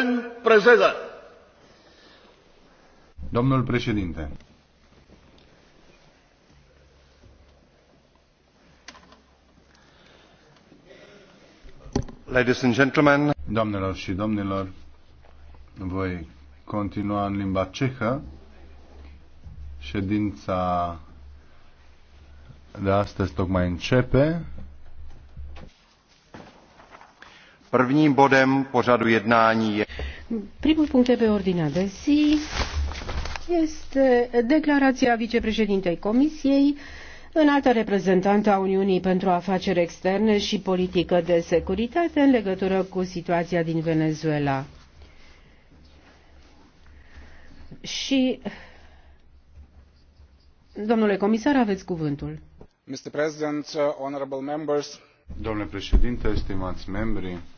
în prezență. Domnul președinte. Ladies and gentlemen. Domnilor, și domnilor, voi continua în limba cehă ședința de astăzi tocmai începe. Prvním bodem pořadu jednání je... Primul punct pe ordinea de zi este declarația vicepreședintei Comisiei înaltă reprezentantă a Uniunii pentru afaceri externe și politică de securitate în legătură cu situația din Venezuela. Și, domnule comisar, aveți cuvântul. Mr. President, uh, honorable members. Domnule președinte, stimați membri,